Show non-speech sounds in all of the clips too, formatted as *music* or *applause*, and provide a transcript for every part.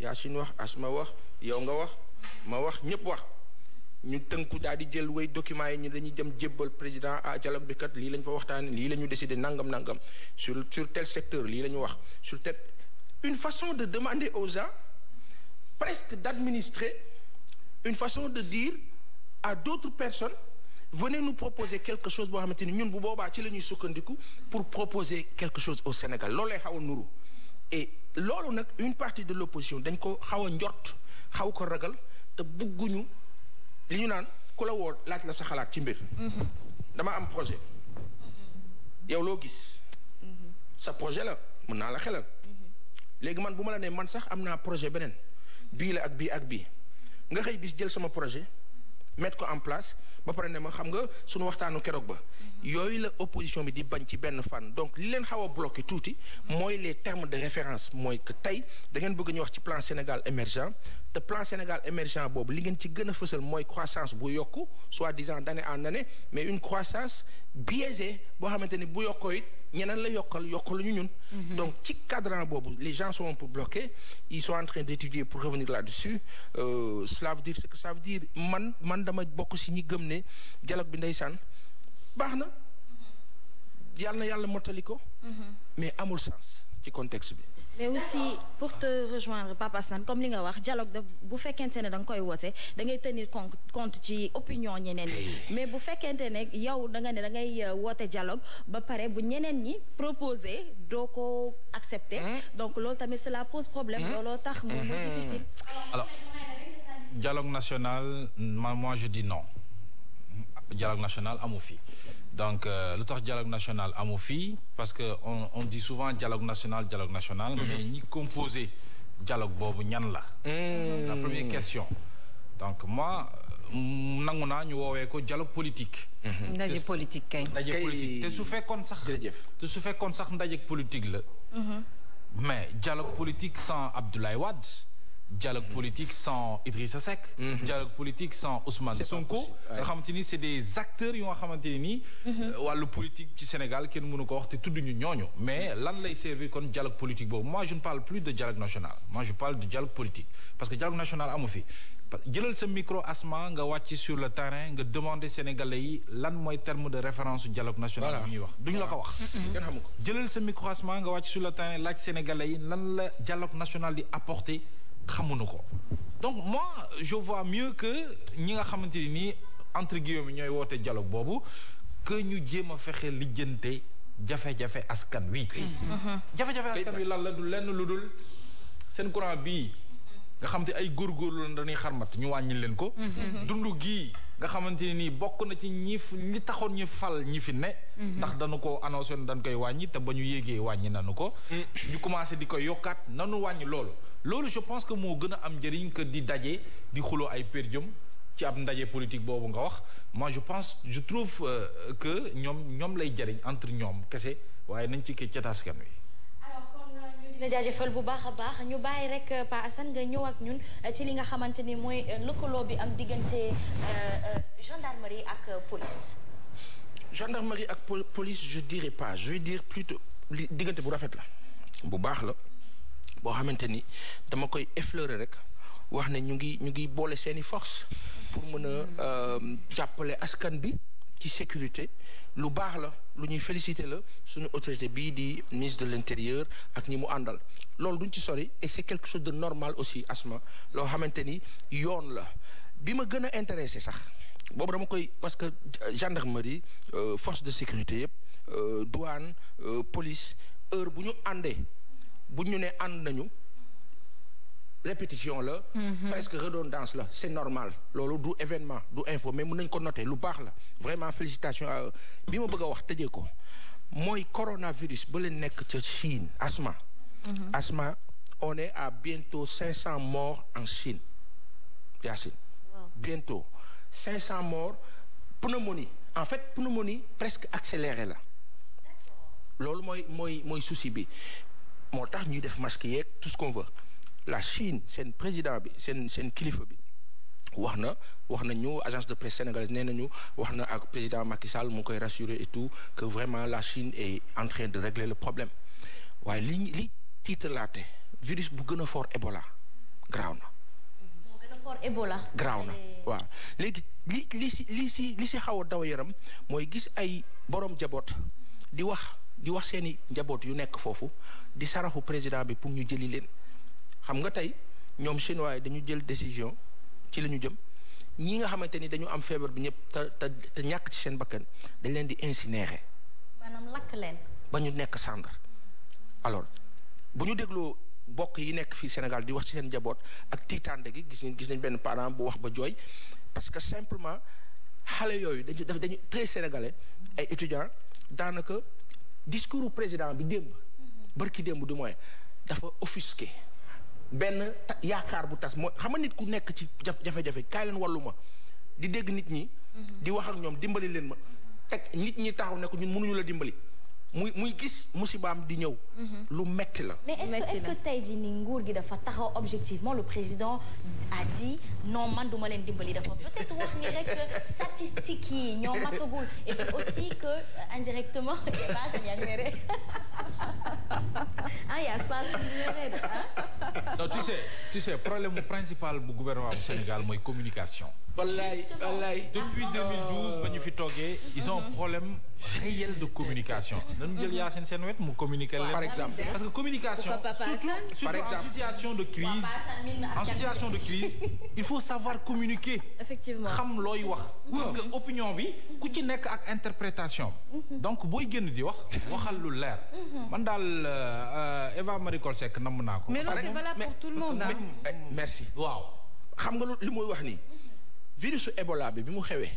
yaa Yacine wax Asma wax yow nga wax ma wax ñëpp wax ñu tënku daal di jël way document yi ñu dañuy jëm jébbal président à ah, dialogue bi kat lii la fa waxtaan lii la ñu décidé nangam nangam sur sur tel secteur lii lañu wax sur tel une façon de demander aux gens presque d'administrer une façon de dire à d'autres personnes venez nu proposer quelque chose boo xamante ni ñun bu boobaa ci la ñuy sukkandiku pour proposer quelque chose au Sénégal loolu lay xaw a loolu nag une partie de l'opposition dañ ko xaw a njort xaw ko ragal te bugguñu li ñu naan ku la woo laaj la sa xalaat ci mbir mm-hmm. dama am projet mm-hmm. yow loo gis mm-hmm. sa projet la mën naa la xelal léegi man bu ma la nee man sax am naa projet beneen bii la ak bii ak bii nga xëy bis jël sama projet mettre ko en place ba pare ne ma xam nga suñu waxtaanu keroog ba yooyu la opposition bi di bañ ci benn fànn donc li leen xaw a bloqué tuuti mooy les termes de référence mooy que tey da bëgg ñu wax ci plan Sénégal émergent te plan Sénégal émergent boobu li ngeen ci gën a fësal mooy croissance bu yokku soi-disant d'année en année mais une croissance biaisée boo xamante bu yokkoo it ñeneen la yokkal yokkaluñu ñun. Mhm. donc ci cadran boobu les gens sont un peu bloqués ils ne dialogue bi ndeysaan baax na yàlla na yàlla mottali ko. Mhm. mais amul sens ci contexte bi. mais aussi pour te rejoindre Pape comme li nga wax dialogue bu fekkente ne da nga koy woote da ngay tenir compte ci opinion ñeneen ñi mais bu fekkente ne yow da nga ne da ngay euh, woote dialogue ba pare bu ñeneen ñi proposé doo ko accepté hmm? donc loolu tamit cela pose problème hmm? looloo tax moom hmm. mooy difficile dialogue national moi je dis non dialogue national amu fi donc euh, lu tax dialogue national amu fi parce que on on dit souvent dialogue national dialogue national. Mhm. mais ñi composé dialogue boobu ñan la. c'est hmm. la première question donc moi. Euh, nangu naa ñu woowee ko dialogue politique. Mhm. ndaje politique te su fekkoon sax. jërëjëf te ndaje politique la. Mhm. mais dialogue politique sans Abdoulaye Wade. dialogue politique sans Idrissa Seck. Mhm. dialogue politique sans Ousmane Sonko. nga xamante c'est des acteurs yoo xamante ne nii. Mhm. wàllu politique ci Sénégal kenn mënu ko wax te tudd ñu ñooñu. mais mhm. lan lay servir kon dialogue politique boobu moi je ne parle plus de dialogue national moi je parle de dialogue politique parce que dialogue national amu fi. jëlal sa micro asma nga wàcc sur le terrain nga demander sénégalais yi lan mooy terme de référence du dialogue xamu na ko donc moi je vois mieux que ñi nga xamante ni nii entre bi ñooy woote jalo boobu que ñu jéem a fexe lijjante jafe-jafe askan wi. Mm-hmm. Mm-hmm. jafe-jafe askan wi lan la du lenn lu dul seen courant bi mm-hmm. nga xam te ay góorgóorlu la dañuy xarmat ñu wàññi leen ko. dund gii. nga xamante ni nii bokk na ci ñi li taxoon ñu fal ñi fi ne mhm. ndax dañu ko annoncé woon dañ koy wàññi te ba ñu yéegee wàññi nanu ko mm. ñu commencé di koy yokkaat nanu wàññi loolu loolu je pense que moo gën a am njëriñ que di daje di xuloo ay pérjëm ci ab ndaje politique boobu nga wax moi je pense je trouve euh, que ñoom ñoom lay jëriñ entre ñoom kese waaye nañ ci kii ca askan wi la bu baax a baax ñu bàyyi rek euh, Pa Assane nga ñëwaat ñun euh, ci li nga xamante ni mooy euh, lëkkaloo bi am diggante gendarmerie ak police. gendarmerie ak police je dirais pas je dire plutôt li diggante bu rafet la. bu baax la boo xamante ni dama koy effleurer rek wax ne ñu ngi ñu ngi boole seeni force pour mën a jàppale askan bi. ci sécurité lu baax la lu ñuy félicité la suñu autorité bii di ministre de l'intérieur ak ñi mu àndal loolu duñ ci sori et c'est quelque chose de normal aussi asma loo xamante ni yoon la bi ma gën a intéressé sax boobu dama koy parce que euh, gendarmerie euh, force de sécurité yëpp euh, douane police heure bu ñu àndee bu ñu ne ànd nañu répétition la. Mhm. presque redondance la c'est normal. loolu du événement du info mais mën nañu ko noter lu baax la vraiment félicitations bi ma bëgg a wax tëjee ko mooy coronavirus ba leen nekk ca Chine asma. Mhm. asma on est à bientôt cinq cent morts en Chine bientôt cinq cent morts pneumonie en fait pneumonie presque accélérée la. loolu mooy mooy mooy souci bi moo tax ñuy def masque yeeg tout ce qu'on la Chine seen président bi seen seen kilifa bi wax na wax na ñu agence de presse sénégalaise nee nañu wax na ak président Macky Sall mu koy rassurer et tout que vraiment la Chine est en train de régler le problème waaye li li titre laate bu gën a fort Ebola graaw na. na eh. waaw li li si li si xaw a daw yaram mooy gis ay borom njaboot di wax di wax seeni njaboot yu nekk foofu di saraxu président bi pour ñu jëli leen. xam nga tey ñoom chinois yi dañu jël décision ci la ñu jëm ñi nga xamante ni dañu am feebar bi ñëpp te te ñàkk ci seen bakkan dañ leen di incinérer. maanaam leen. ba ñu nekk cendre alors bu ñu dégloo bokk yi nekk fii Sénégal di wax ci seen njaboot ak tiitaande gi gis nañ gis nañ benn parent bu wax ba jooy parce que simplement xale yooyu dañu daf dañu très sénégalais ay étudiants daanaka discours président bi démb. Mm-hmm. bërki démb du mooy dafa offusqué. benn yaakaar bu tas moo xam nga nit ku nekk ci jafe-jafe kaay leen wàllu di dégg nit ñi. Mhm. di wax ñoom dimbali leen ma. teg nit ñi taxaw ne ko ñun mënuñu la dimbali. muy muy gis musibaam di ñëw. Mhm. lu metti la. mais est ni nguur gi dafa taxaw objectivement le président a duma leen dimbali dafa peut-être wax yi ñoo matagul et aussi que euh, indirectement ah yaa se passe tu sais tu sais problème principal bu gouvernement bu Sénégal mooy communication. wallaay wallaay depuis ah. ba ñu fi toogee. ils ont un mm-hmm. problème réel de communication. nañu jël mm-hmm. yaa seen seen wet mu communiquer leen. par exemple parce que communication surtout surtout en situation de crise en situation de crise *laughs* il faut savoir communiquer. effectivement xam looy wax. Mm-hmm. parce que opinion bi ku ci nekk ak interprétation. donc booy génn di wax waxal lu leer. man daal euh, euh, Eva Marie Coll Seck namm naa ko. tout le monde eh, merci waaw xam nga li muy wax nii virusu Ebola bi bi mu xewee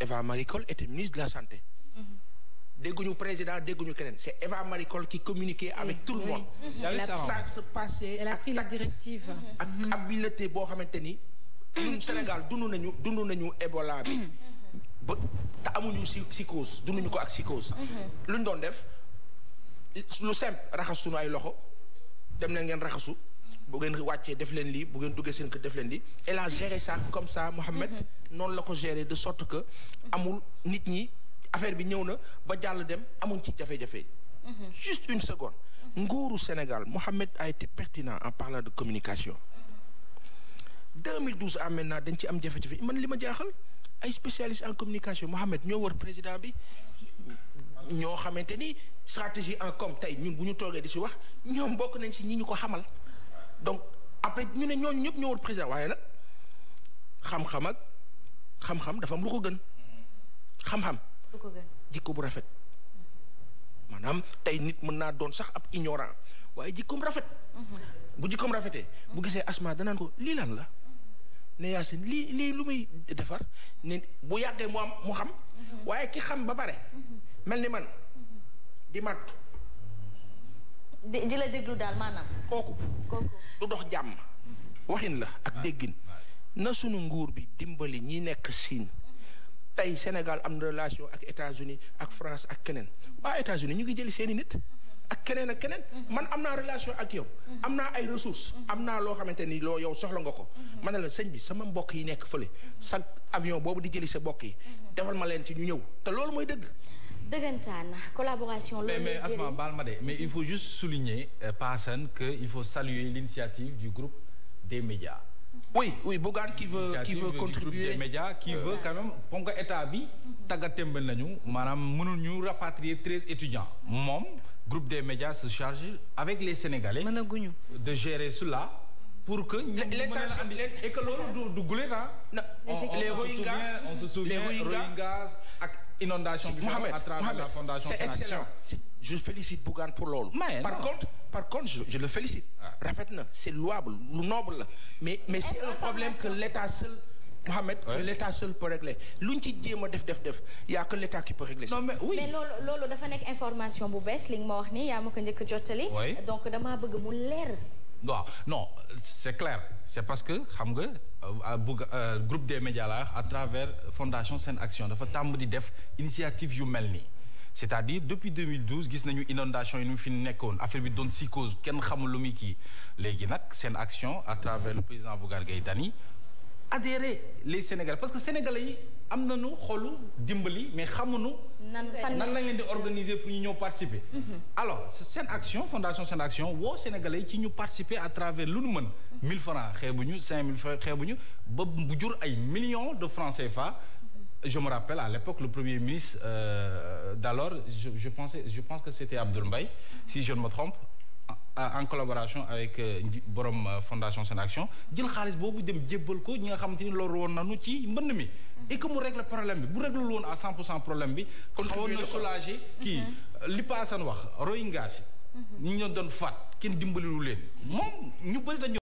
Eva Marie Coll était ministre de la santé mm-hmm. dégguñu président dégguñu keneen c'est Eva Marie Coll qui communiquait avec tout le monde ça se passait elle a pris la directive mm-hmm. ak mm-hmm. habileté boo xamante ni ñun Sénégal dund nañu dund nañu Ebola bi te amuñu si psychose dunduñu ko ak psychose lu ñu doon def lu simple raxas suñu ay loxo dem na ngeen raxasu bu ngeen wàccee def leen lii bu ngeen duggee seen kër def leen lii elle a géré ça comme ça Mohamed mm-hmm. noonu la ko géré de sorte que amul nit ñi affaire bi ñëw na ba jàll dem amul ci jafe-jafe mm-hmm. juste une seconde mm-hmm. nguuru Sénégal Mohamed a été pertinent en parlant de communication 2012 à maintenant dañ ci am jafe man li ma jaaxal ay spécialiste en communication Mohamed ñoo war président bi ñoo xamante ni stratégie en comme tey ñun bu ñu toogee di si wax ñoom bokk nañ si ñi ñu ko xamal donc après ñu ne ñooñu ñëpp ñëwoon président waaye nag xam-xam ak xam-xam dafa am lu ko gën. xam-xam. jikko bu rafet. maanaam tey nit mën naa doon sax ab ignorant waaye jikkoom rafet. Mhm. bu jikkoom rafetee. bu mhm. gisee asma danaan ko lii lan la. Mhm. ne yaasin lii lii lu muy defar ne bu yàggee mu am mu xam. waaye ki xam ba pare. mel ni man di matt di la déglu daal maanaam. kooku. kooku du dox jàmm. waxin la ak déggin. na sunu nguur bi dimbali ñi nekk Chine. tey Sénégal am na relation ak États-Unis ak France ak keneen waa États-Unis ñu ngi jëli seeni nit. ak keneen ak keneen. man am naa relation ak yow. am naa ay ressources. am naa loo xamante ni loo yow soxla nga ko. ma ne la sëñ bi sama mbokk yi nekk fële. sa avion boobu di jëli sa mbokk yi. defal ma leen ci ñu ñëw te loolu mooy dëgg. dëggantaan collaboration. loolu mais mais Asma baal ma de mais il faut juste souligner euh, Pa Assane que il faut saluer l'initiative du groupe des médias. oui oui Bougane qui veut qui veut contribuer des médias qui euh. veut quand même ponk état bi tàggatémbe nañu maanaam mënul ñu rapatrier treize étudiants moom groupe des médias se charge avec les sénégalais. mënaguñu de gérer cela. pour que ñu mën a andi que du du gulen ah. les Rohingyas on inondation bi à travers la fondation c'est excellent je félicite Bougane pour loolu par contre par contre je, je le félicite ah. rafet na c'est louable lu noble la mais mais c'est un problème que l'État seul Mohamed oui. l'État seul peut régler lu ñu ci jéem a def def def y a que l'État qui peut régler ça. non mais oui mais loolu loolu dafa nekk information bu bees li nga ma wax nii yaa ma ko a jottali. donc dama bëgg mu leer. waaw non c'est clair c'est parce que xam nga euh, bugg euh, groupe de médias la à travers euh, fondation Sen Action dafa tàmm di def initiative yu mel nii c'est-à-dire depuis 2012 gis nañu inondation yi nu mu fi nekkoon affaire bi doon si cause kenn xamul lu muy kii léegi nag Sen Action à travers le président Bougane Gueye Dany adhérer les sénégal parce que Sénégalais am na nañu xolu dimbali mais xamuñu. nan nan la leen di organiser pour ñu ñëw participer. Mhm. alors seen action fondation seen action woo sénégalais ci ñu participer à travers lu nu mën. 1000 mhm. francs xeebuñu 5000 francs xeebuñu ba bu jur ay millions de francs CFA. je me rappelle à l'époque le premier ministre euh, d'alors je je pensais je pense que c'était Abdoul mbay si je ne me trompe en collaboration avec euh, borom euh, fondation Sen Action jël xaalis boobu dem jébbal ko ñi nga xamante ni loolu woon nanu ci mbënn mi et que mu règle problème bi bu réglul woon à cent pour cent problème bi kon xawoon na soulager kii mhm. euh, li Pa wax Rohingyas yi mhm. ñi ñu doon faat kenn dimbaliwu leen moom ñu bëri dañu